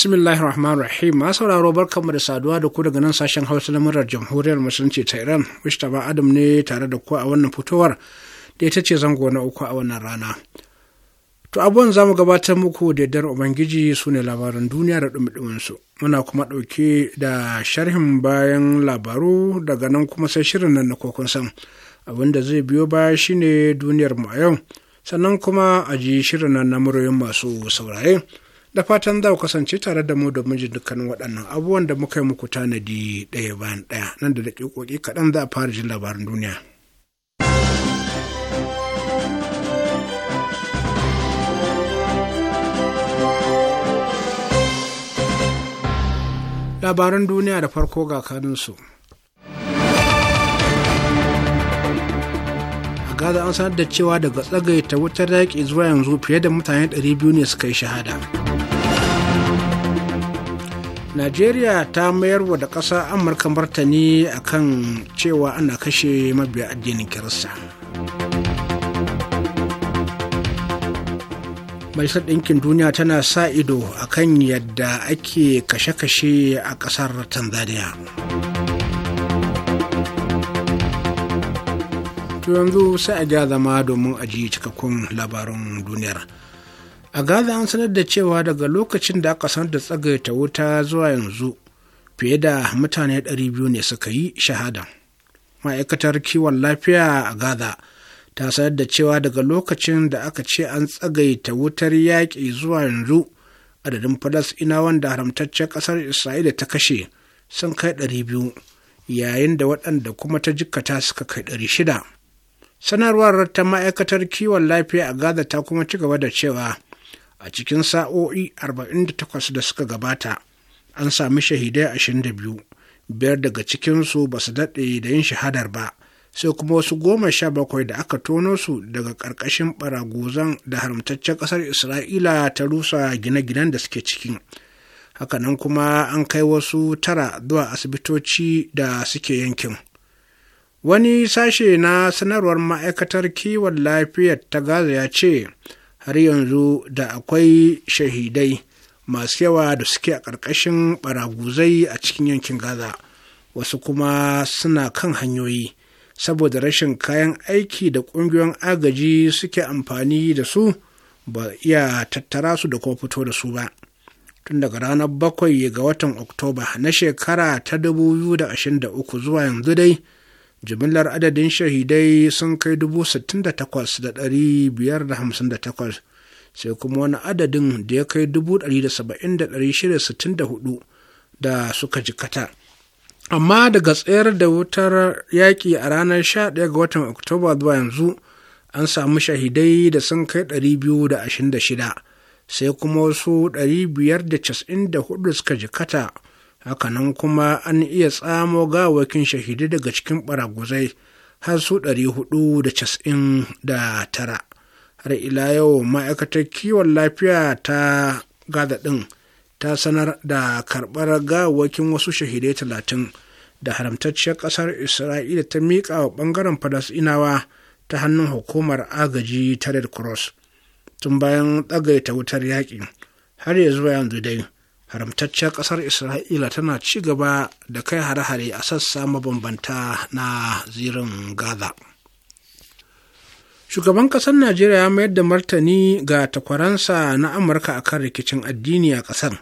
bismillahir rahman rahim ma sauraro barkanmu da saduwa da ku daga nan sashen hausa na murar jamhuriyar musulunci ta iran ba adam ne tare da ku a wannan fitowar da ita ce zango na uku a wannan rana to abubuwan za mu gabatar muku da yardar ubangiji su ne labaran duniya da ɗumi su muna kuma ɗauke da sharhin bayan labaru daga nan kuma sai shirin nan na kokon san abin da zai biyo baya shine duniyar mu a yau sannan kuma a ji shirin nan na muryoyin masu saurare da fatan za ku kasance tare da mu da jin dukkanin waɗannan abubuwan da muka yi muku tanadi ɗaya bayan ɗaya nan da daƙiƙoƙi kaɗan za a fara jin labarin duniya. Labaran duniya da farko ga kanunsu. A Gaza an sanar da cewa daga ta wutar yaƙi zuwa yanzu fiye da mutane 200 ne suka yi shahada. najeriya ta mayar wa da ƙasa amurka martani akan cewa ana kashe mabiya addinin kirista majalisar ɗinkin duniya tana sa ido akan yadda ake kashe-kashe a ƙasar tanzania to yanzu sai a ja zama domin a cikakkun labarin duniyar a gaza an sanar da cewa daga lokacin da aka sanar da tsagaita wuta zuwa yanzu fiye da mutane 200 ne suka yi shahada ma'aikatar kiwon lafiya a gaza ta sanar da cewa daga lokacin da aka ce an tsagaita wutar yaƙi zuwa yanzu adadin Falas, ina wanda haramtaccen ƙasar isra'ila ta kashe sun kai 200 yayin da waɗanda kuma ta jikkata suka kai 600 sanarwar ta ma'aikatar kiwon lafiya a gaza ta kuma ci gaba da cewa a cikin sa'o'i 48 da suka gabata an sami shahidai 22 biyar daga cikinsu ba su daɗe da yin shahadar ba sai kuma wasu goma sha bakwai da aka tono su daga ƙarƙashin baragozan da haramtaccen ƙasar isra'ila ta rusa gine-ginen da suke cikin hakanan kuma an kai wasu tara zuwa asibitoci da suke yankin wani sashe na sanarwar ma'aikatar kiwon lafiyar ta gaza ya ce har yanzu da akwai shahidai masu yawa da suke a ƙarƙashin ɓaraguzai a cikin yankin gaza wasu kuma suna kan hanyoyi saboda rashin kayan aiki da ƙungiyoyin agaji suke amfani da su ba iya tattara su da kuma fito da su ba tun daga ranar bakwai ga watan oktoba na shekara ta 2023 zuwa yanzu dai jimillar adadin shahidai sun kai 68,558 sai kuma wani adadin da ya kai 170,664 da suka jikata amma daga tsayar da wutar yaƙi a ranar 11 ga watan oktoba zuwa yanzu an samu shahidai da sun kai 226 sai kuma wasu 594 suka jikata hakanan kuma an iya tsamo gawakin shahidai daga cikin ɓaraguzai har su ɗari da da tara, har ila yau ma'aikatar kiwon lafiya ta gaza ɗin ta sanar da karɓar gawakin wasu shahidai talatin da haramtacciyar ƙasar isra'ila ta miƙa wa ɓangaren falasɗinawa ta hannun hukumar agaji ta red cross tun bayan tsagaita wutar yaƙi har ya zuwa yanzu dai haramtaccen ƙasar isra'ila tana ci gaba da kai hare-hare a sassa mabambanta na zirin gaza shugaban ƙasar najeriya ya mayar da martani ga takwaransa na amurka a kan rikicin addini a ƙasar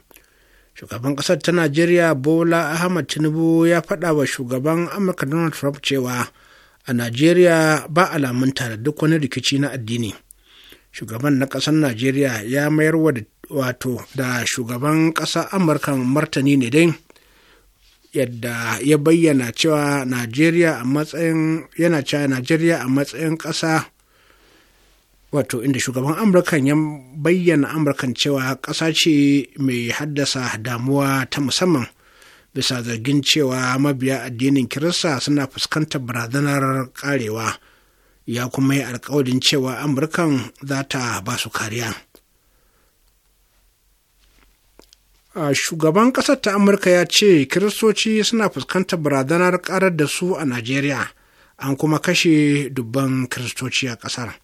shugaban ƙasar ta najeriya bola ahmad tinubu ya faɗa wa shugaban amurka donald trump cewa a najeriya ba alamun tare duk wani rikici na addini shugaban na ƙasar najeriya ya mayar wato da shugaban ƙasa amurka martani ne dai yadda ya bayyana cewa najeriya a matsayin yana cewa najeriya a matsayin ƙasa wato inda shugaban amurkan ya bayyana amurkan cewa ƙasa ce mai haddasa damuwa ta musamman bisa zargin cewa mabiya addinin kirista suna fuskantar barazanar karewa ya kuma yi alkawarin cewa amurkan za ta ba su kariya a shugaban ƙasar ta amurka ya ce kiristoci suna fuskantar barazanar ƙarar da su a najeriya an kuma kashe dubban kiristoci a ƙasar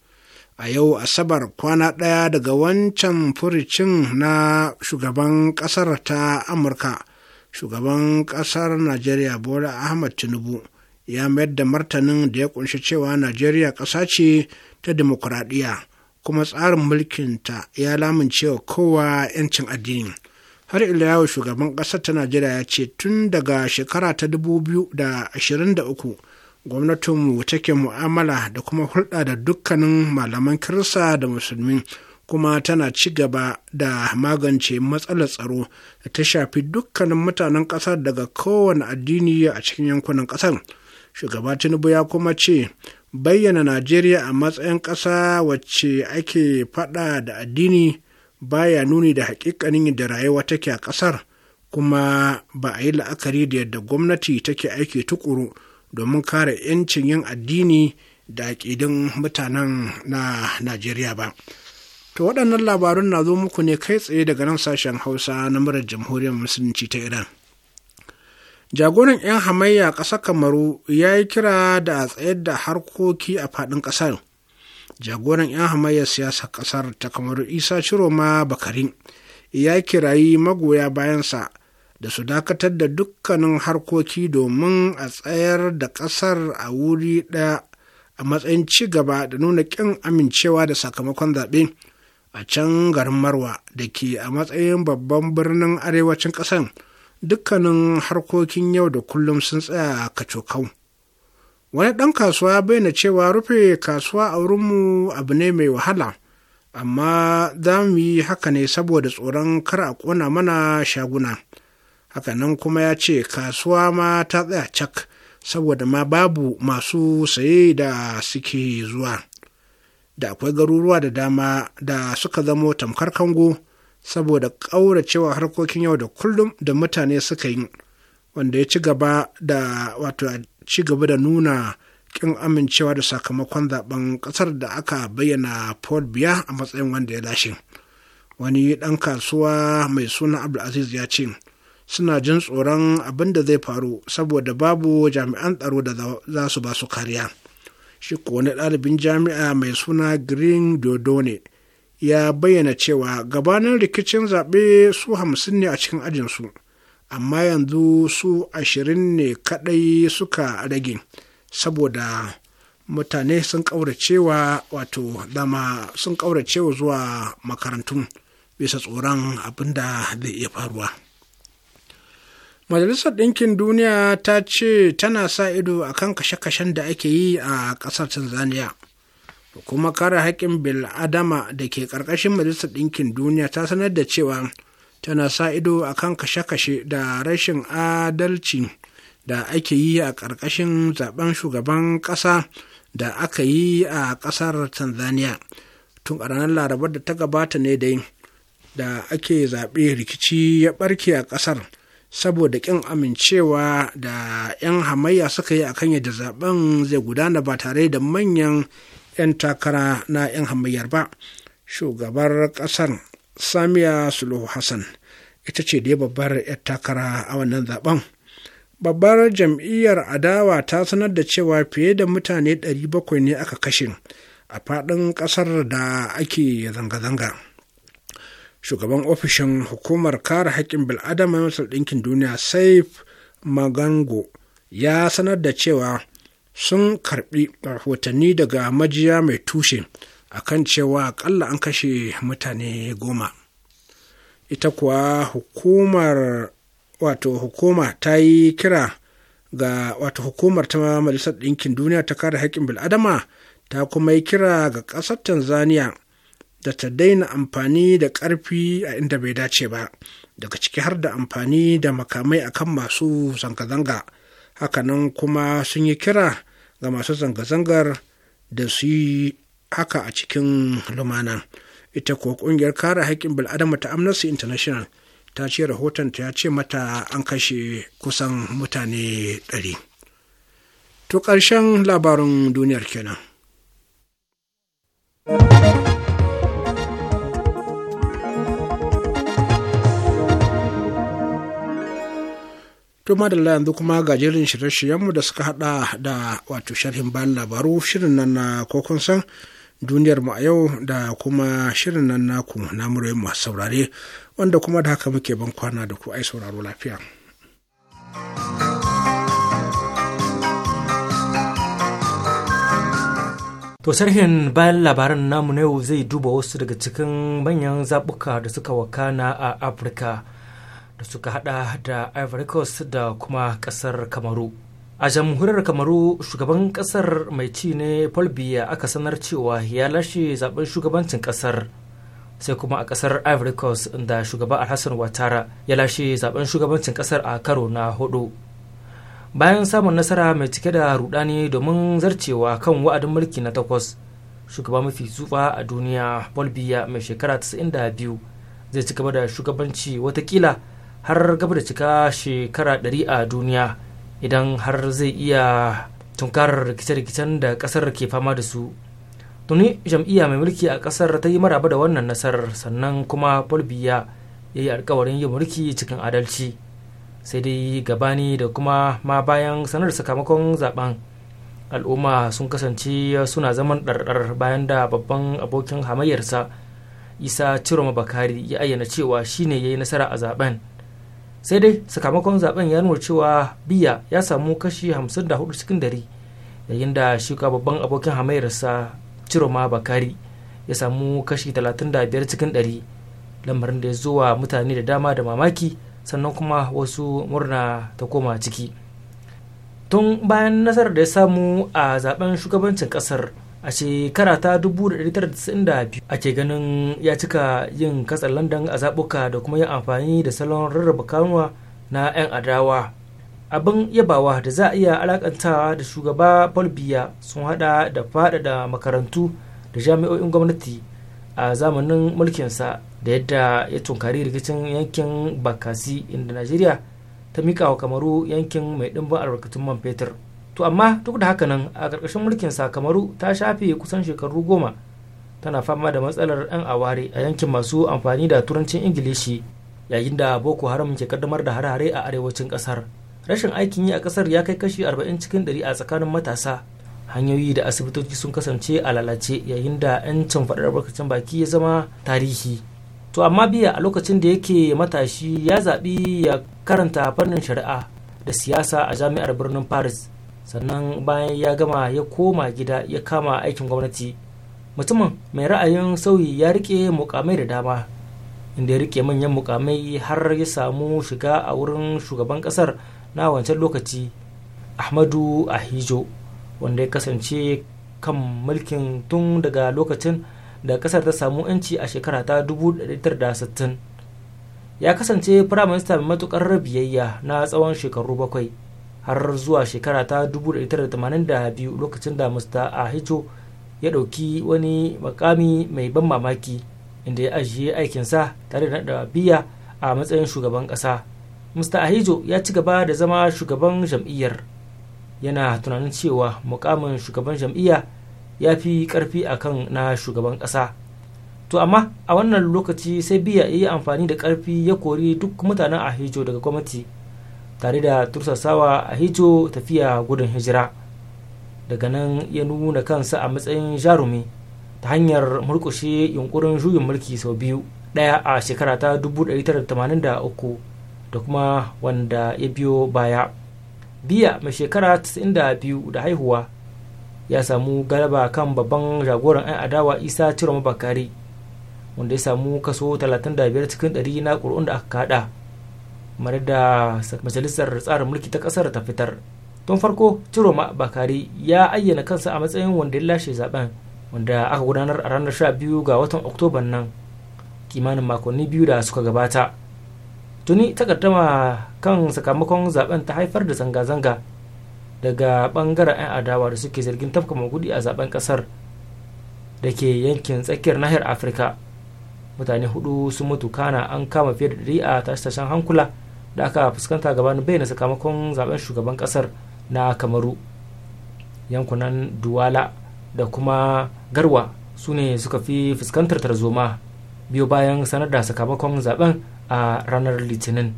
a yau asabar kwana ɗaya daga wancan furicin na shugaban ƙasar ta amurka shugaban ƙasar najeriya bola ahmad tinubu ya mayar da martanin da ya kunshi cewa najeriya ƙasa ce ta demokuraɗiyya kuma tsarin mulkinta ya lamuncewa kowa 'yancin addini har ila yawo shugaban ƙasar ta najeriya ya ce tun daga shekara ta 2023 gwamnatinmu take mu'amala da kuma hulɗa da dukkanin malaman kirista da musulmi kuma tana ci gaba da magance matsalar tsaro da ta shafi dukkanin mutanen ƙasar daga kowane addini a cikin yankunan ƙasar. shugaba tinubu ya kuma ce bayyana najeriya a matsayin ƙasa wacce ake faɗa da addini baya nuni da haƙiƙanin da rayuwa take a ƙasar kuma ba a yi la'akari da yadda gwamnati take aiki tukuru domin kare 'yancin yin addini da aƙidin mutanen na najeriya ba to waɗannan labarun na zo muku ne kai tsaye daga nan sashen hausa na murar jamhuriyar musulunci ta iran jagoran 'yan hamayya ƙasar kamaru ya yi kira da a tsayar da harkoki a faɗin ƙasar jagoran 'yan hamayyar siyasar ƙasar ta kamaru isa ciroma bakari ya kirayi magoya bayansa da su dakatar da dukkanin harkoki domin a tsayar da ƙasar a wuri ɗaya a matsayin ci gaba da nuna ƙin amincewa da sakamakon zaɓe a can garin marwa da ke a matsayin babban birnin arewacin ƙasar dukkanin harkokin yau da kullum sun tsaya a kacokau wani ɗan kasuwa ya bayyana cewa rufe kasuwa a wurinmu abu ne mai wahala amma za mu yi haka ne saboda tsoron kar a ƙona mana shaguna hakanan kuma ya ce kasuwa ma ta tsaya cak saboda ma babu masu saye da suke zuwa da akwai garuruwa da dama da suka zamo tamkar kango saboda ƙauracewa harkokin yau da kullum da mutane suka yi wanda ya ci gaba da wato ci gaba da nuna kin amincewa da sakamakon zaben kasar da aka bayyana paul biya a matsayin wanda ya lashe wani ɗan kasuwa mai suna abdulaziz ya ce suna jin tsoron abin da zai faru saboda babu jami'an tsaro da za su ba su kariya shi ko wani ɗalibin jami'a mai suna green dodone ya bayyana cewa gabanin rikicin zaɓe su hamsin ne a cikin ajinsu amma yanzu su ashirin ne kaɗai suka rage saboda mutane sun ƙauracewa wato dama sun ƙauracewa zuwa makarantun bisa tsoron abin da zai iya faruwa majalisar ɗinkin duniya ta ce tana sa ido akan kashe-kashen da ake yi a ƙasar tanzania da kuma kare haƙƙin adama da ke ƙarƙashin majalisar ɗinkin duniya ta sanar da cewa tana sa ido a kan kashe-kashe da rashin adalci da ake yi a ƙarƙashin zaben shugaban ƙasa da aka yi a ƙasar tanzania tun a ranar larabar da ta gabata ne dai da ake zaɓe rikici ya ɓarke a ƙasar saboda ƙin amincewa da 'yan hamayya suka yi a akan yadda zaben zai gudana ba tare da manyan 'yan takara na 'yan hamayyar ba shugabar ƙasar samiya suluhu hassan ita ce dai babbar 'yan takara a wannan zaben babbar jam'iyyar adawa ta sanar da cewa fiye da mutane 700 ne aka kashe a faɗin ƙasar da ake zanga-zanga shugaban ofishin hukumar kare haƙƙin bil'adama masar ɗinkin duniya saif magango ya sanar da cewa sun karbi rahotanni daga majiya mai tushe akan cewa akalla an kashe mutane goma ita kuwa hukumar wato hukuma ta yi kira ga wato hukumar ta majalisar ɗinkin duniya ta kare haƙƙin bil'adama ta kuma yi kira ga ƙasar tanzania da ta daina amfani da ƙarfi a inda bai dace ba daga ciki har da amfani da makamai akan masu zanga-zanga hakanan kuma sun yi kira ga masu zanga-zangar da su yi haka a cikin lumana ita kuwa ƙungiyar kare haƙƙin bil'adama ta amnesty international ta ce rahoton ta ya ce mata an kashe kusan mutane ɗari. to ƙarshen labarin duniyar kenan. To madalla yanzu kuma ga jerin shirye-shiryenmu da suka hada da wato sharhin bayan labaru shirin nan na kokon san duniyar mu a yau da kuma shirin nan naku na muryoyin masu saurare wanda kuma da haka muke ban kwana da ku ai sauraro lafiya. To sarhin bayan labaran namu na yau zai duba wasu daga cikin manyan zaɓuka da suka wakana a Afirka. da suka hada da ivory coast da kuma kasar kamaru a jamhuriyar kamaru shugaban kasar mai ci ne paul biya aka sanar cewa ya lashe zaben shugabancin kasar sai kuma a kasar ivory coast da shugaba alhassan watara ya lashe zaben shugabancin kasar a karo na hudu bayan samun nasara mai cike da rudani domin zarcewa kan wa'adin mulki na takwas shugaba mafi zufa a duniya paul biya mai shekara 92 zai ci gaba da shugabanci watakila har gaba da cika shekara ɗari a duniya idan har zai iya tunkarar rikice-rikicen da ƙasar ke fama da su tuni jam'iyya mai mulki a ƙasar ta yi maraba da wannan nasarar sannan kuma bolivia ya yi alkawarin yin mulki cikin adalci sai dai gabani da kuma ma bayan sanar sakamakon zaben al'umma sun kasance suna zaman ɗarɗar bayan da babban abokin hamayyarsa isa ciroma bakari ya ayyana cewa shine ya yi nasara a zaben sai dai sakamakon zaben ya nuna cewa biya ya samu kashi 54 cikin dari yayin da shuka babban abokin hamayarsa ciroma bakari ya samu kashi 35 cikin dari lamarin da ya zo wa mutane da dama da mamaki sannan kuma wasu murna ta koma ciki tun bayan nasarar da ya samu a zaben shugabancin kasar a shekara ta 1992 ake ganin ya cika yin katsar landan a zabuka da kuma yin amfani da salon rarraba kanuwa na 'yan adawa abin yabawa da za a iya alakantawa da shugaba paul sun hada da faɗaɗa makarantu da jami'o'in gwamnati a zamanin mulkinsa da yadda ya tunkari rikicin yankin bakasi inda najeriya ta mika wa kamaru yankin mai ɗimbin albarkatun man fetur to amma duk da haka nan a ƙarƙashin mulkin sakamaru ta shafe kusan shekaru goma tana fama da matsalar 'yan aware a yankin masu amfani da turancin ingilishi yayin da boko haram ke kaddamar da harare a arewacin ƙasar rashin aikin yi a ƙasar ya kai kashi 40 cikin 100 a tsakanin matasa hanyoyi da asibitoci sun kasance a lalace yayin da 'yancin faɗar albarkacin baki ya zama tarihi to amma biya a lokacin da yake matashi ya zaɓi ya karanta fannin shari'a da siyasa a jami'ar birnin paris sannan bayan ya gama ya koma gida ya kama aikin gwamnati mutumin mai ra'ayin sauyi ya rike mukamai da dama inda ya rike manyan mukamai har ya samu shiga a wurin shugaban kasar na wancan lokaci ahmadu ahijo wanda ya kasance kan mulkin tun daga lokacin da kasar ta samu 'yanci a shekara ta 1960 ya kasance firaminista mai matukar biyayya na tsawon shekaru bakwai har zuwa shekara ta 1982 lokacin da mr ahijo ya ɗauki wani makami mai ban mamaki inda ya ajiye aikinsa tare da naɗa biya a matsayin shugaban ƙasa mr ahijo ya ci gaba da zama shugaban jam'iyyar yana tunanin cewa mukamin shugaban jam'iyya ya fi ƙarfi akan na shugaban ƙasa to amma a wannan lokaci sai biya ya yi amfani da ƙarfi ya kori duk mutanen ahijo daga gwamnati tare da tursasawa a hijo tafiya gudun hijira daga nan ya nuna kansa a matsayin jarumi ta hanyar murkushe yunkurin juyin mulki sau biyu ɗaya a shekara ta 1983 da kuma wanda ya biyo baya biya mai shekara 92 da haihuwa ya samu galaba kan babban jagoran 'yan adawa isa cire mabakari wanda ya samu kaso 35 cikin 100 na ƙuri'un da aka kada kamar da majalisar tsarin mulki ta kasar ta fitar tun farko ciroma bakari ya ayyana kansa a matsayin wanda ya lashe zaben wanda aka gudanar a ranar 12 ga watan oktoban nan kimanin makonni biyu da suka gabata tuni takaddama kan sakamakon zaben ta haifar da zanga-zanga daga bangaren 'yan adawa da suke zargin tafka magudi a zaben kasar da ke yankin tsakiyar nahiyar afirka mutane hudu sun mutu kana an kama fiye da ɗari a tashe-tashen hankula da aka fuskanta gabanin bayyana sakamakon zaben shugaban kasar na kamaru yankunan duwala da kuma garwa su ne suka fi fuskantar tarzoma biyu bayan sanar da sakamakon zaben a ranar litinin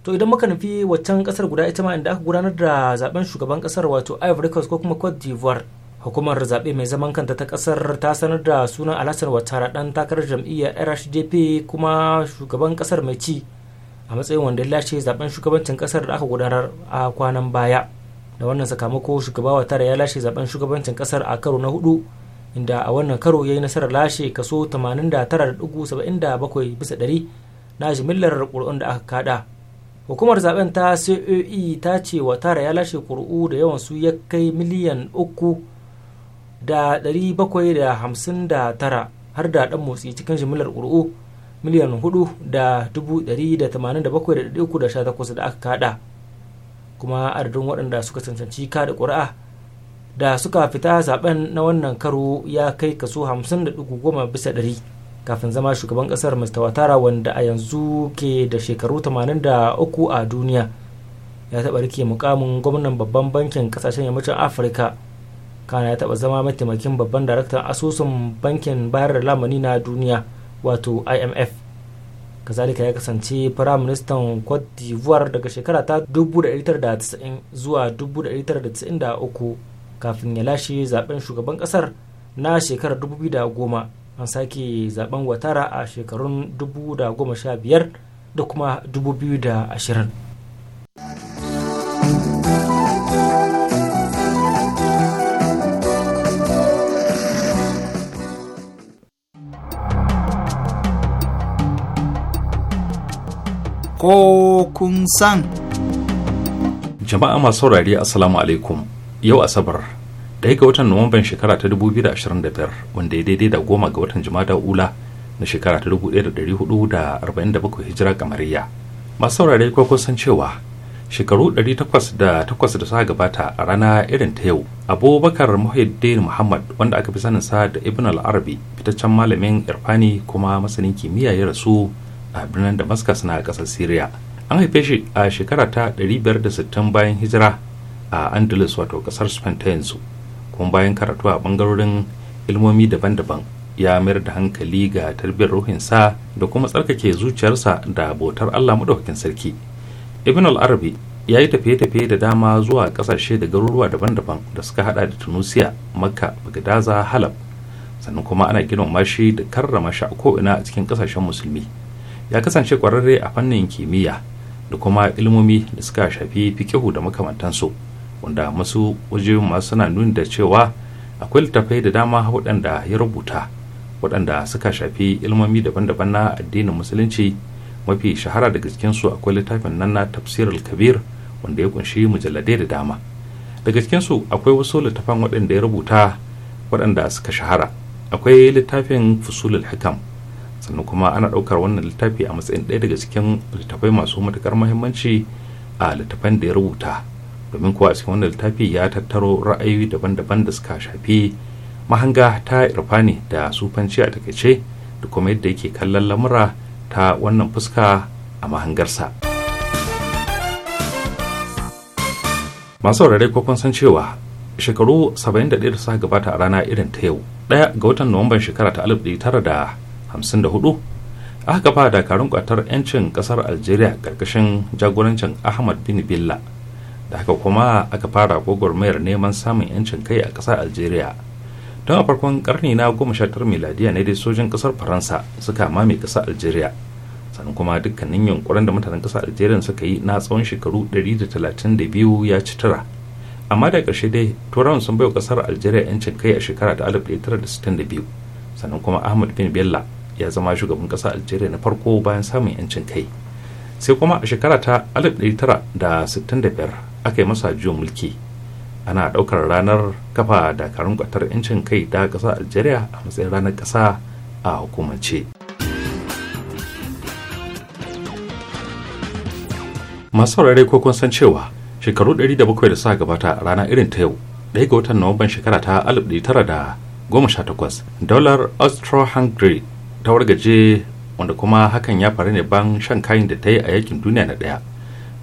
to idan muka nufi waccan kasar guda ita ma inda aka gudanar da zaben shugaban kasar wato ivory coast ko kuma cote d'ivoire hukumar zaɓe mai zaman kanta ta ƙasar ta sanar da sunan alasan watara ɗan takarar jam'iyyar rsdp kuma shugaban ƙasar mai ci a matsayin wanda lashe zaben shugabancin kasar da aka gudanar a kwanan baya da wannan sakamako shugaba watara ya lashe zaben shugabancin kasar a karo na hudu inda a wannan karo ya yi nasarar lashe kaso 89.77 bisa ɗari na jimillar ƙuri'un da aka kada hukumar zaben ta coe ta ce watara ya lashe ƙuri'u da yawan su ya kai miliyan uku da 759 har da ɗan motsi cikin jimillar ƙuri'u miliyan 4,187,318 da aka kada kuma adadin waɗanda suka cancanci kada ƙuri'a da suka fita zaben na wannan karo ya kai kaso 50.10 bisa ɗari kafin zama shugaban ƙasar mr watara wanda a yanzu ke da shekaru 83 a duniya ya taɓa rike mukamin gwamnan babban bankin ƙasashen yammacin afirka kana ya taɓa zama mataimakin babban daraktan asusun bankin bayar da lamani na duniya wato imf kazalika ya kasance firaministan cote d'ivoire daga shekara ta 1990 zuwa 1993 kafin ya lashe zaben shugaban kasar na shekarar 2010 an sake zaben watara a shekarun 2015 da kuma 2020 ko kun san. Jama'a masu saurari Assalamu alaikum yau Asabar daya ga watan Nuwamban shekara ta 2025 wanda ya daidai da goma ga watan da Ula na shekara ta 1447 hijira kamariya. Masu saurari ko san cewa shekaru 808 da suka gabata a rana irin ta yau abubakar muhiddin muhammad wanda aka fi sanin sa da ibn al-arabi fitaccen malamin irfani kuma masanin kimiyya ya rasu a birnin damascus na kasar syria an haife shi a shekara ta 560 bayan hijira a andalus wato kasar spain ta yanzu kuma bayan karatu a bangarorin ilmomi daban-daban ya mayar da hankali ga tarbiyyar ruhinsa da kuma tsarkake zuciyarsa da botar allah maɗaukakin sarki ibn al-arabi ya yi tafiye-tafiye da dama zuwa ƙasashe da garuruwa daban-daban da suka hada da tunisia makka bagdaza halab sannan kuma ana girmama shi da karrama shi a ko'ina a cikin ƙasashen musulmi ya kasance kwararre a fannin kimiyya da kuma ilmomi da suka shafi fikihu da makamantansu wanda masu waje masu suna nuni da cewa akwai littafai da dama waɗanda ya rubuta waɗanda suka shafi ilmomi daban-daban na addinin musulunci mafi shahara daga cikinsu akwai littafin nan na tafsirul kabir wanda ya kunshi mujalladai da dama daga cikinsu akwai wasu littafan waɗanda ya rubuta waɗanda suka shahara akwai littafin fusulul hikam sannan kuma ana ɗaukar wannan littafi a matsayin ɗaya daga cikin littafai masu matuƙar muhimmanci a littafan da ya rubuta domin kuwa a cikin wannan littafi ya tattaro ra'ayoyi daban-daban da suka shafi mahanga ta irfani da sufanci a takaice da kuma yadda yake kallon lamura ta wannan fuska a mahangarsa. masu saurare ko kun san cewa shekaru 71 da suka gabata a rana irin ta yau ɗaya ga watan nuwamban shekara ta 1954 aka kafa dakarun kwatar 'yancin kasar algeria karkashin jagorancin ahmad bin billa da haka kuma aka fara gwagwarmayar neman samun 'yancin kai a kasar algeria don a farkon karni na 19 miladiya ne dai sojin kasar faransa suka mame kasar algeria sannan kuma dukkanin yunkurin da mutanen kasar algeria suka yi na tsawon shekaru 132 ya ci tura amma da ƙarshe dai turawan sun bai wa kasar algeria 'yancin kai a shekara ta 1962 sannan kuma ahmad bin bella ya zama shugaban ƙasa algeria na farko bayan samun 'yancin kai sai kuma a shekara ta 1965 aka yi masa juyin mulki ana ɗaukar ranar kafa dakarun kwatar 'yancin kai da ƙasa algeria a matsayin ranar ƙasa a hukumance masu saurare ko kun san cewa shekaru 107 da suka gabata rana irin ta yau ɗaya ga watan ban shekara ta 1918 dalar austro-hungary ta wargaje wanda kuma hakan ya faru ne ban shan kayan da ta yi a yakin duniya na daya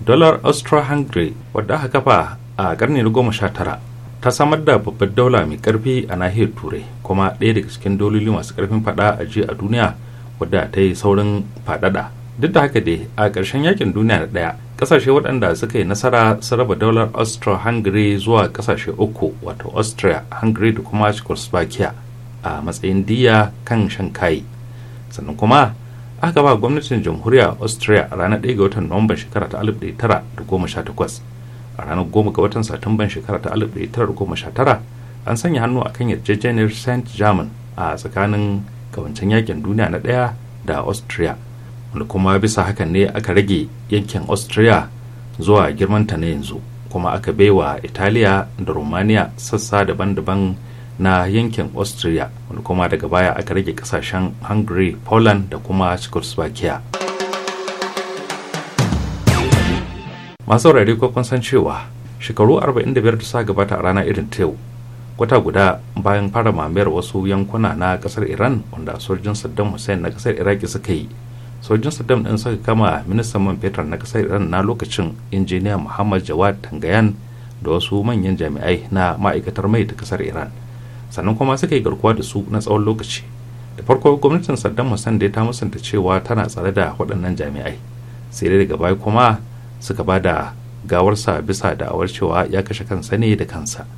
dolar austro-hungary wadda aka kafa a karni na goma sha tara ta samar da babbar daula mai karfi a nahiyar turai kuma ɗaya daga cikin dololi masu karfin fada a ji a duniya wadda ta yi saurin fadada duk da haka dai a ƙarshen yakin duniya na ɗaya ƙasashe waɗanda suka yi nasara sun raba daular austro-hungary zuwa ƙasashe uku wato austria hungary da kuma czechoslovakia a matsayin diya kan shan kayi sannan kuma aka ba gwamnatin jamhuriyar austria a ranar 1 ga watan nuwamban shekara ta 1918 a ranar 10 ga watan satumban shekara ta 1919 an sanya hannu a kan yarjejeniyar saint german a tsakanin kawancin yakin duniya na daya da austria wanda kuma bisa hakan ne aka rage yankin austria zuwa girmanta na yanzu kuma aka baiwa italiya da romania sassa daban-daban na yankin austria wani kuma daga baya aka rage kasashen hungary poland da kuma czechoslovakia masu saurari ko kun san cewa shekaru 45 da sa gabata a rana irin ta yau kwata guda bayan fara mamayar wasu yankuna na kasar iran wanda sojin saddam hussein na kasar iraki suka yi sojin saddam din suka kama ministan man fetur na kasar iran na lokacin injiniya muhammad jawad tangayan da wasu manyan jami'ai na ma'aikatar mai ta kasar iran sannan kuma suka yi garkuwa da su na tsawon lokaci da farko gwamnatin saddam hussein da ta musanta cewa tana tsare da waɗannan jami'ai sai dai daga baya kuma suka ba da gawarsa bisa da cewa ya kashe kansa ne da kansa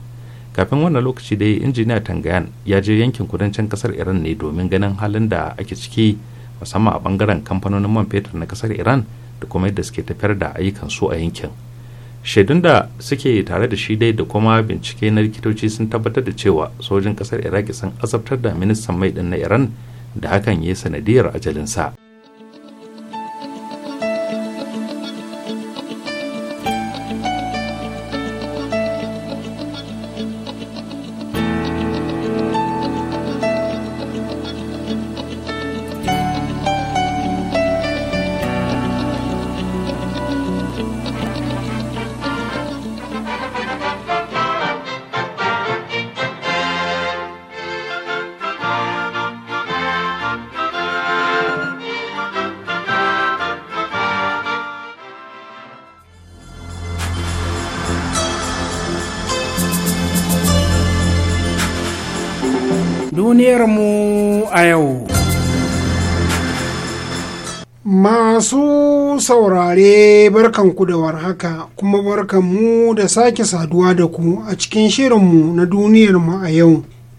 kafin wannan lokaci dai injiniya tangayan ya je yankin kudancin kasar iran ne domin ganin halin da ake ciki musamman a bangaren kamfanonin man fetur na kasar iran da kuma yadda suke tafiyar da ayyukan su a yankin shaidun da suke tare da shi dai da kuma bincike na likitoci sun tabbatar da cewa sojin kasar iraki sun azabtar da ministan mai din na iran da hakan ya sanadiyar ajalinsa Duniyarmu a yau. Masu saurare ku da warhaka kuma barkanmu da sake saduwa da ku a cikin shirinmu na duniyarmu a yau.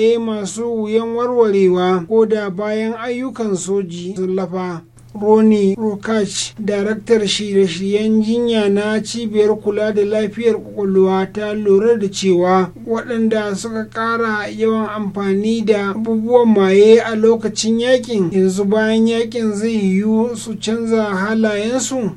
Eh masu wuyan warwarewa ko da bayan ayyukan soji sun lafa Roni Rukach, daraktar shirye-shiryen jinya na cibiyar kula da lafiyar kwakwalwa ta lura da cewa waɗanda suka ƙara yawan amfani da abubuwan maye a lokacin yakin yanzu bayan yakin zai yiwu su canza halayensu.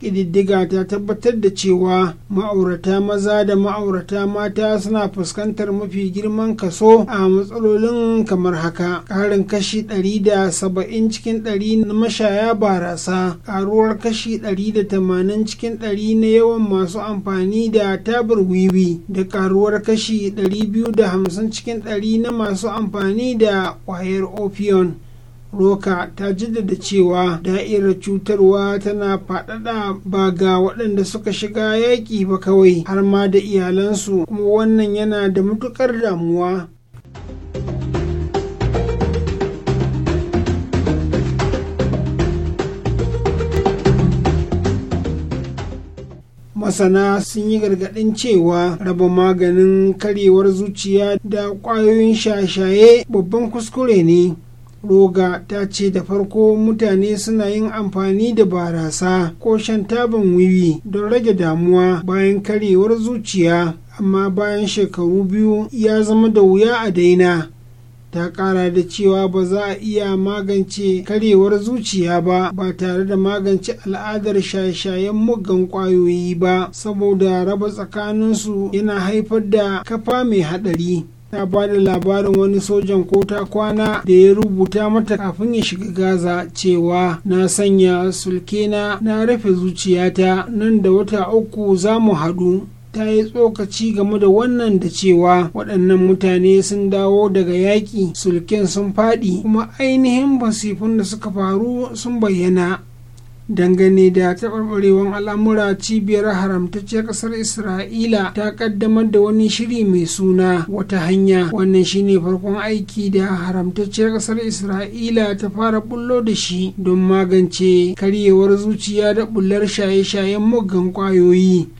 ƙididdiga ta tabbatar da cewa ma'aurata maza da ma'aurata mata suna fuskantar mafi girman kaso a matsalolin kamar haka ƙarin kashi 170 cikin 100 na mashaya barasa ƙaruwar kashi 180 cikin 100 na yawan masu amfani da tabar wiwi da ƙaruwar kashi 250 cikin 100 na masu amfani da ƙwayar opion roka ta jaddada cewa da'irar cutarwa tana faɗaɗa ba ga waɗanda suka shiga yaƙi ba kawai har ma da iyalansu kuma wannan yana da matuƙar damuwa masana sun yi gargaɗin cewa raba maganin karyewar zuciya da ƙwayoyin shashaye babban kuskure ne roga ta ce da farko mutane suna yin amfani da barasa ko shan tabin wiwi don rage damuwa bayan karewar zuciya amma bayan shekaru biyu ya zama da wuya a daina ta kara da cewa ba za a iya magance karewar zuciya ba ba tare da magance al'adar shaye-shayen muggan kwayoyi ba saboda raba tsakaninsu yana haifar da kafa mai haɗari ta ba da labarin wani sojan ko ta kwana da ya rubuta mata kafin ya shiga gaza cewa na sanya sulkena na rufe zuciyata nan da wata uku za mu haɗu ta yi tsokaci game da wannan da cewa waɗannan mutane sun dawo daga yaƙi sulken sun faɗi kuma ainihin basifin da suka faru sun bayyana dangane da taɓarɓarewar al'amura cibiyar haramtacciyar ƙasar isra'ila ta ƙaddamar da wani shiri mai suna wata hanya wannan shine farkon aiki da haramtacciyar ƙasar isra'ila ta fara bullo da shi don magance karyewar zuciya da bullar shaye-shayen muggan ƙwayoyi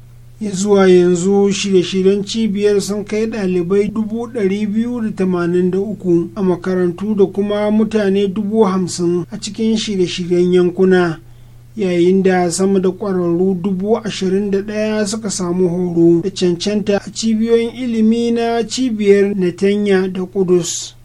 ya zuwa yanzu shirye-shiryen cibiyar sun kai ɗalibai 283 a makarantu da kuma mutane 50,000 a cikin shirye-shiryen yankuna yayin da sama da ƙwararru 21,000 suka samu horo da cancanta a cibiyoyin ilimi na cibiyar netanya da kudus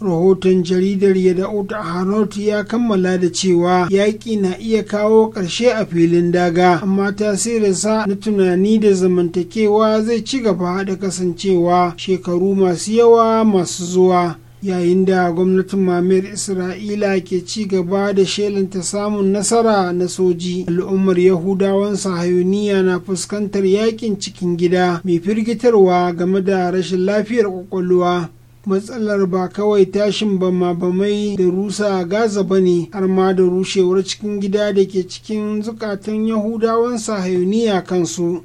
rahoton jaridar yadda hanot ya kammala da cewa yaƙi na iya kawo ƙarshe a filin daga amma tasirinsa na tunani da zamantakewa zai ci gaba da kasancewa shekaru masu yawa masu zuwa yayin da gwamnatin mamayar isra'ila ke ci gaba da shelanta samun nasara na soji al'ummar yahudawan sahayuniya na fuskantar yakin cikin gida mai firgitarwa game da rashin lafiyar ƙwaƙwalwa. matsalar ba kawai tashin bama-bamai da rusa a gaza ba ne har ma da rushewar cikin gida da ke cikin zukatan yahudawan sahayuniya kansu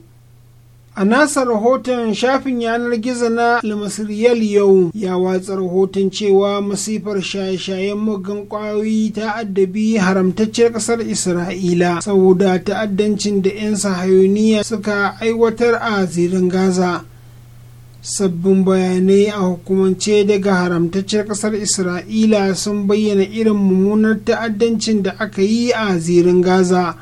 a nasa rahoton shafin yanar gizo na almasiriyal yau ya watsa rahoton cewa masifar shaye-shayen muggan kwayoyi ta addabi haramtacciyar kasar isra'ila saboda ta'addancin da 'yan sahayuniya suka aiwatar a zirin gaza sabbin bayanai a hukumance daga haramtaccen ƙasar isra'ila sun bayyana irin mummunar ta'addancin da aka yi a zirin gaza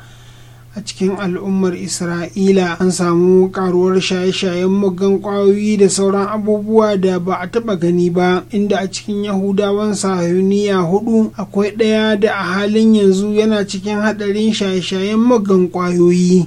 a cikin al'ummar isra'ila an samu karuwar shaye-shayen muggan kwayoyi da sauran abubuwa da ba a taba gani ba inda a cikin yahudawan sahuniya hudu akwai ɗaya da a halin yanzu yana cikin haɗarin shaye-shayen muggan kwayoyi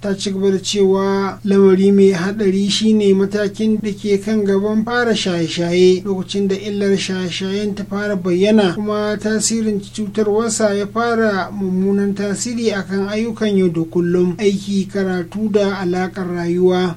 ta ci gaba da cewa lamari mai hadari shine matakin da ke kan gaban fara shaye-shaye lokacin da illar shaye-shayen ta fara bayyana kuma tasirin cutarwarsa ya fara mummunan tasiri akan ayyukan yau da kullum aiki karatu da alakar rayuwa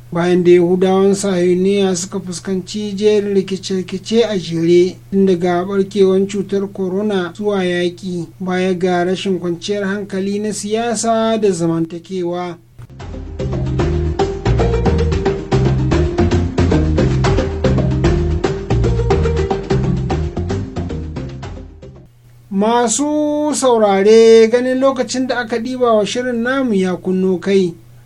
bayan da yahudawan sahiniya suka fuskanci jerin rikice-rikice a jere inda daga barkewan cutar corona zuwa yaƙi baya ga rashin kwanciyar hankali na siyasa da zamantakewa masu saurare ganin lokacin da aka ɗiba wa shirin namu ya kunno kai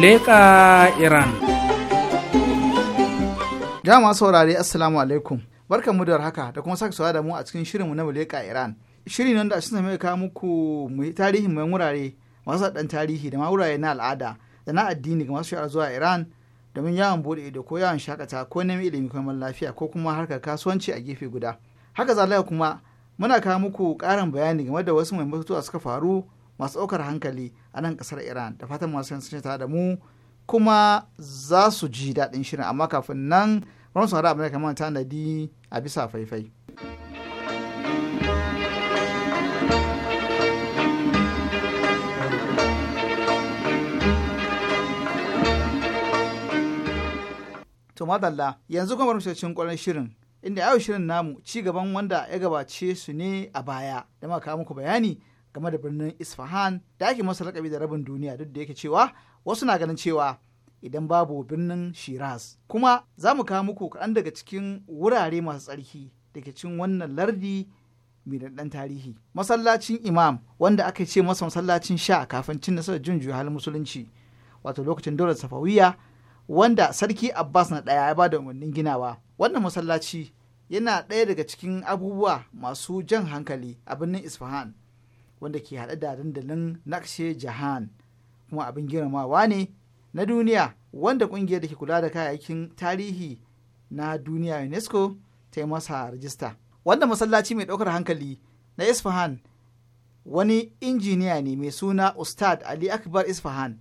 muleka iran masu saurare assalamu alaikum barkan mu da haka da kuma sake saurara da mu a cikin shirinmu na muleka iran shiri nan da a cikin kawo muku tarihin mai wurare masu ɗan tarihi da ma wurare na al'ada da na addini ga masu sha'ar zuwa iran domin yawon bude ido ko yawon shakata ko neman ilimi neman lafiya ko kuma harkar kasuwanci a gefe guda haka zalaya kuma muna kawo muku ƙarin bayani game da wasu mai mutuwa suka faru masu ɗaukar hankali a nan ƙasar iran da fatan masu sun ta da mu kuma za su ji daɗin shirin amma kafin nan wani su hada amurka kamar tanadi a bisa faifai to madalla yanzu kuma rubuce kwarar shirin inda yau shirin namu ci gaban wanda ya gabace su ne a baya da muka kawo muku bayani game da birnin isfahan da ake masa lakabi da rabin duniya duk da yake cewa wasu na ganin cewa idan babu birnin shiraz kuma za mu kawo muku kaɗan daga cikin wurare masu tsarki da ke cin wannan lardi mai daɗan tarihi masallacin imam wanda aka ce masa masallacin sha kafin cin nasarar jin juhalin musulunci wato lokacin daular safawiya wanda sarki abbas na ɗaya ya ba da umarnin ginawa wannan masallaci yana ɗaya daga cikin abubuwa masu jan hankali a birnin isfahan wanda ke haɗe da dandalin nakshe jahan kuma abin girmamawa ne na duniya wanda ƙungiyar da ke kula da kayayyakin tarihi na duniya unesco ta yi masa rajista wanda masallaci mai ɗaukar hankali na isfahan wani injiniya ne mai suna ustad ali akbar isfahan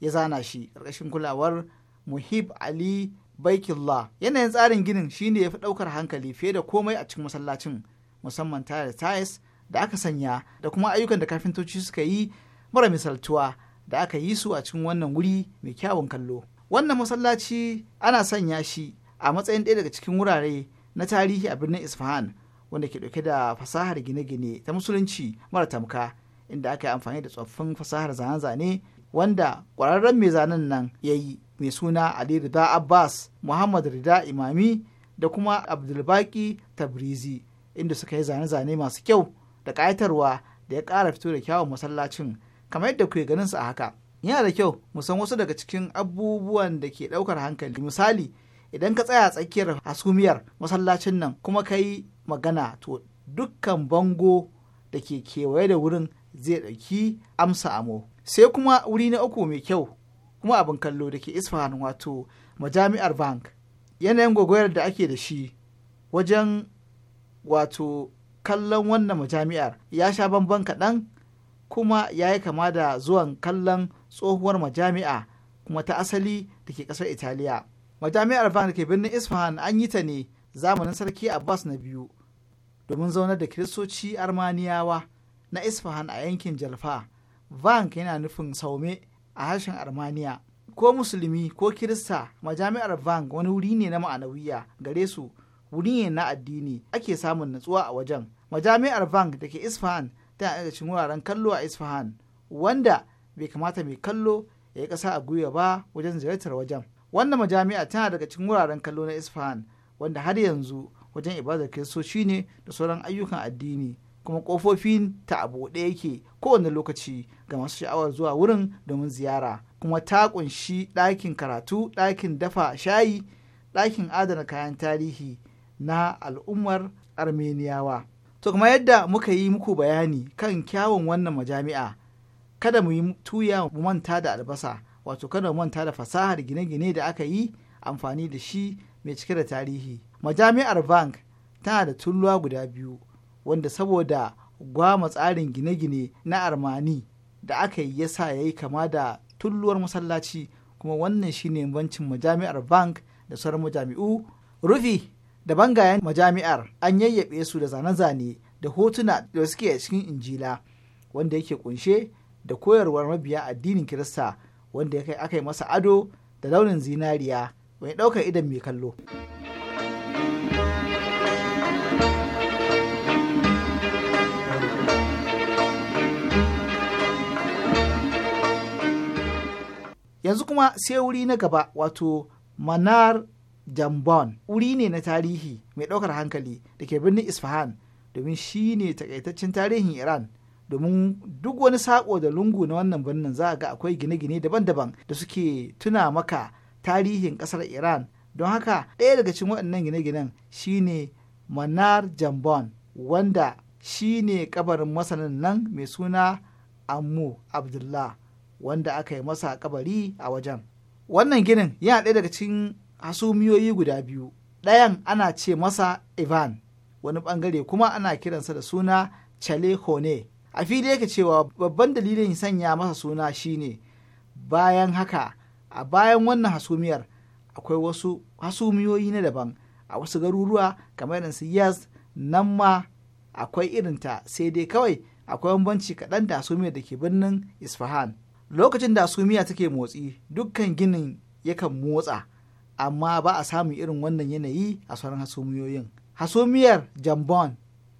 ya zana shi ƙarƙashin kulawar muhib ali baikillah yanayin tsarin ginin shine ya fi ɗaukar hankali fiye da komai a cikin masallacin musamman tare da da aka sanya da kuma ayyukan da kafintoci suka yi mara misaltuwa da aka yi su a cikin wannan wuri mai kyawun kallo wannan masallaci ana sanya shi a matsayin ɗaya daga cikin wurare na tarihi a birnin isfahan wanda ke ɗauke da fasahar gine-gine ta musulunci mara tamka inda aka yi amfani da tsoffin fasahar zane-zane wanda ƙwararren mai zanen nan ya yi mai suna ali rida abbas muhammad rida imami da kuma abdulbaki tabrizi inda suka yi zane-zane masu kyau da ƙayatarwa da ya ƙara fito da kyawun masallacin kamar yadda kuke ganin su a haka yana da kyau mu san wasu daga cikin abubuwan da ke ɗaukar hankali misali idan ka tsaya tsakiyar hasumiyar masallacin nan kuma ka yi magana to dukkan bango da ke kewaye da wurin zai ɗauki amsa amo sai kuma wuri na uku mai kyau kuma abin kallo da ke isfahan wato majami'ar bank yanayin gwagwayar da ake da shi wajen wato kallon wannan majami'ar ya sha bamban kaɗan kuma ya yi kama da zuwan kallon tsohuwar majami'a kuma ta asali da ke ƙasar italiya majami'ar van da ke birnin isfahan an yi ta ne zamanin sarki abbas na biyu domin zaunar da kiristoci armaniyawa na isfahan a yankin jalfa van yana nufin saume a harshen armaniya ko musulmi ko kirista majami'ar van wani wuri ne na ma'anawiya gare su wuri ne na addini ake samun natsuwa a wajen majami'ar bank da ke isfahan ta daga cikin wuraren kallo a isfahan wanda bai kamata mai kallo ya yi ƙasa a gwiwa ba wajen ziyartar wajen wannan majami'a tana daga cikin wuraren kallo na isfahan wanda har yanzu wajen ibadar kiristoci ne da sauran ayyukan addini kuma kofofin ta a buɗe yake kowane lokaci ga masu sha'awar zuwa wurin domin ziyara kuma ta kunshi ɗakin karatu ɗakin dafa shayi ɗakin adana kayan tarihi na al'ummar armeniyawa to kuma yadda muka yi muku bayani kan kyawun wannan majami'a kada mu yi tuya mu manta da albasa wato kada mu manta da fasahar gine-gine da aka yi amfani da shi mai cike da tarihi majami'ar bank tana da tulluwa guda biyu wanda saboda gwama tsarin gine-gine na armani da aka yi yasa ya yi kama da tulluwar masallaci kuma wannan shine bancin majami'ar bank da sauran majami'u rufi da bangayen majami'ar an yayyabe su da zane-zane da hotuna da suke a cikin injila wanda yake kunshe da koyarwar mabiya addinin kirista wanda ya kai aka yi masa ado da launin zinariya mai ɗaukar idan mai kallo. yanzu kuma sai wuri na gaba wato manar jambon wuri ne na tarihi mai ɗaukar hankali da ke birnin isfahan domin shi ne takaitaccen tarihin iran domin duk wani saƙo da lungu na wannan birnin za a ga akwai gine-gine daban-daban da suke tuna maka tarihin ƙasar iran don haka ɗaya daga cikin waɗannan gine-ginen shine manar jambon wanda shine kabarin masanin nan mai suna ammu abdullah wanda aka yi masa kabari a wajen wannan ginin yana ɗaya daga cikin hasumiyoyi guda biyu ɗayan ana ce masa ivan wani ɓangare kuma ana kiransa da suna hone a fili yake cewa babban dalilin sanya masa suna shine bayan haka a bayan wannan hasumiyar akwai wasu hasumiyoyi na daban a wasu garuruwa kamar irin su yas nan ma akwai irinta sai dai kawai akwai bambanci kaɗan da hasumiyar da ke birnin isfahan lokacin da hasumiya take motsi dukkan ginin yakan motsa amma ba a samun irin wannan yanayi a sauran hasumiyoyin hasumiyar jambon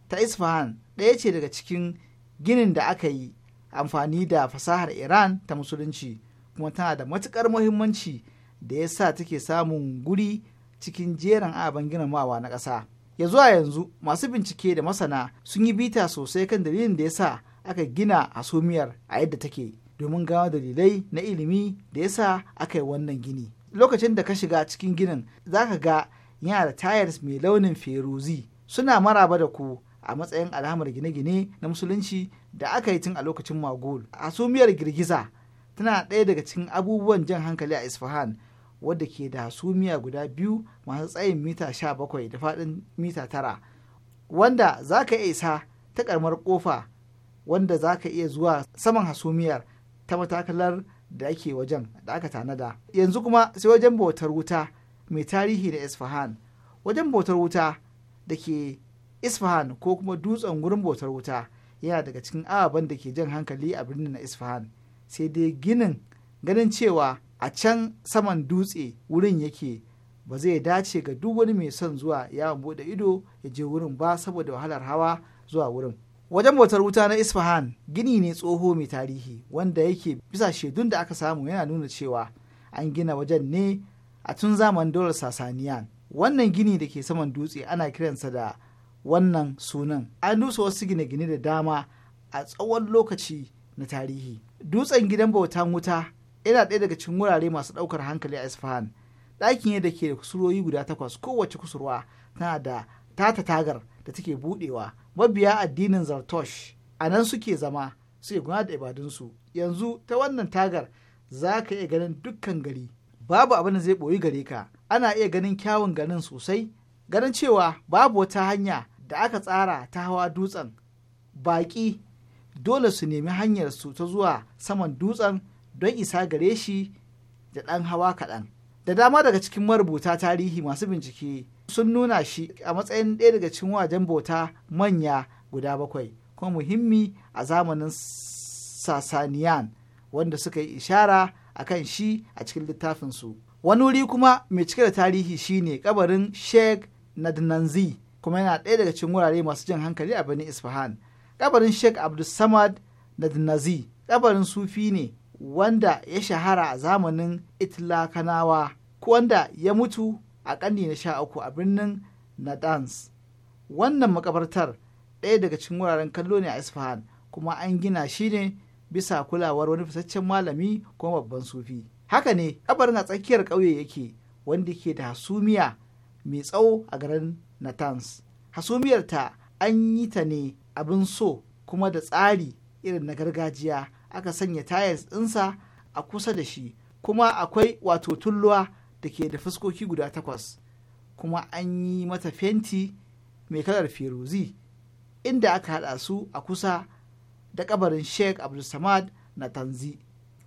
ta isfahan ɗaya ce daga cikin ginin da aka yi amfani da fasahar iran ta musulunci kuma tana da matuƙar muhimmanci da ya sa take samun guri cikin jerin ababen mawa na ƙasa ya zuwa yanzu masu bincike da masana sun yi bita sosai kan dalilin da ya sa aka gina hasumiyar a yadda take domin gawa dalilai na ilimi da ya sa aka yi wannan gini lokacin da ka shiga cikin ginin za ka ga yana da tayars mai launin feruzi suna maraba da ku a matsayin alamar gine-gine na musulunci da aka yi tun a lokacin magul hasumiyar girgiza tana ɗaya daga cikin abubuwan jan hankali a isfahan wadda ke da hasumiya guda biyu masu tsayin mita sha bakwai da faɗin mita tara wanda za ka iya isa ta ƙarmar ƙofa wanda za ka iya zuwa saman hasumiyar ta matakalar da ake wajen da aka tanada yanzu kuma sai wajen bautar wuta mai tarihi na isfahan wajen bautar wuta da ke isfahan ko kuma dutsen wurin bautar wuta yana daga cikin ababen da ke jan hankali a birnin na isfahan sai dai ginin ganin cewa a can saman dutse wurin yake ba zai dace ga duk wani mai son zuwa yawon bude ido ya je wurin ba saboda wahalar hawa zuwa wurin wajen bautar wuta na isfahan gini ne tsoho mai tarihi wanda yake bisa shaidun da aka samu yana nuna cewa an gina wajen ne a tun zaman dolar sasaniyan wannan gini da ke saman dutse ana kiransa da wannan sunan an dusa wasu gine-gine da dama a tsawon lokaci na tarihi dutsen gidan bautan wuta yana ɗaya daga cikin wurare masu ɗaukar hankali a isfahan ɗakin yadda ke da kusurwoyi guda takwas kowace kusurwa tana da tata tagar da take budewa mabiya addinin zartosh a nan suke zama suke guna da ibadunsu yanzu ta wannan tagar za ka iya ganin dukkan gari babu abin da zai ɓoyi gare ka ana iya ganin kyawun ganin sosai ganin cewa babu wata hanya da aka tsara ta hawa dutsen baƙi dole su nemi hanyar su ta zuwa saman dutsen don isa gare shi da ɗan hawa kaɗan da dama daga cikin marubuta tarihi masu bincike sun nuna shi a matsayin ɗaya daga cikin wajen bauta manya guda bakwai kuma muhimmi a zamanin sasaniyan wanda suka yi ishara a kan shi a cikin littafinsu wani wuri kuma mai cike da tarihi shine kabarin sheikh nadnanzi kuma yana ɗaya daga cikin wurare masu jin hankali a birnin isfahan kabarin sheikh abdulsamad nadnazi kabarin sufi ne wanda ya shahara a zamanin itlakanawa wanda ya mutu a ƙarni na sha uku a birnin nadans Wannan makabartar ɗaya daga cikin wuraren kallo ne a Isfahan kuma an gina shi ne bisa kulawar wani fitaccen malami kuma babban sufi. Haka ne, kabarin a tsakiyar ƙauye yake wanda ke da hasumiya mai tsawo a garin Natanz. Hasumiyar ta an yi ta ne abin so kuma da tsari irin na gargajiya aka sanya tayas ɗinsa a kusa da shi kuma akwai wato tulluwa da ke da fuskoki guda takwas kuma an yi mata fenti mai kalar feruzi inda aka haɗa su a kusa da kabarin sheikh abdulsamad na tanzi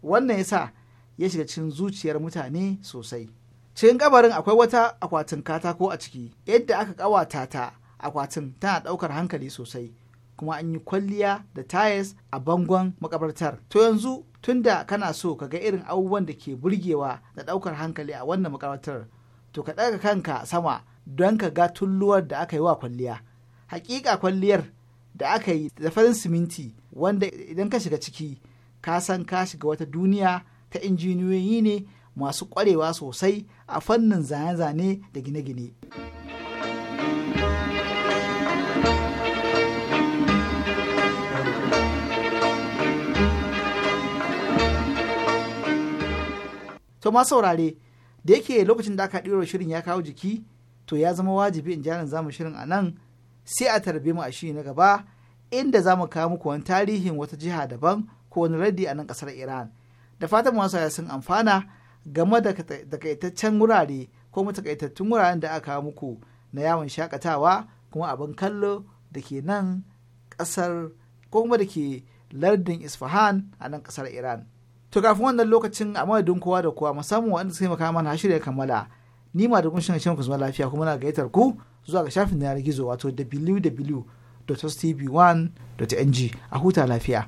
wannan yasa ya shiga cikin zuciyar mutane sosai cikin kabarin akwai wata akwatin katako a ciki yadda aka kawata ta akwatin tana ɗaukar hankali sosai kuma an yi kwalliya da tayes a bangon makabartar to yanzu tunda kana so ka ga irin abubuwan da ke burgewa da ɗaukar hankali a wannan makarantar to ka ɗaga kanka sama don ka ga tulluwar da aka yi wa kwalliya hakika kwalliyar da aka yi da farin siminti wanda idan ka shiga ciki ka san ka shiga wata duniya ta injiniyoyi ne masu kwarewa sosai a fannin zane-zane da gine-gine. to ma saurare da yake lokacin da aka ɗiro shirin ya kawo jiki to ya zama wajibi in jana zamu shirin a nan sai a tarbe mu a shi na gaba inda za mu kawo muku wani tarihin wata jiha daban ko wani raddi a nan ƙasar iran da fatan masu sun amfana game da takaitaccen wurare ko matakaitattun wuraren da aka kawo muku na yawon shakatawa kuma abin kallo da ke nan ƙasar ko kuma da ke lardin isfahan a nan kasar iran to kafin wannan lokacin a madadin kowa da kowa musamman waɗanda suka taimaka mana shirya kammala ni ma da kun shan shan kusurwa lafiya kuma na gaitar ku zuwa ga shafin ya gizo wato www.tv1.ng a huta lafiya.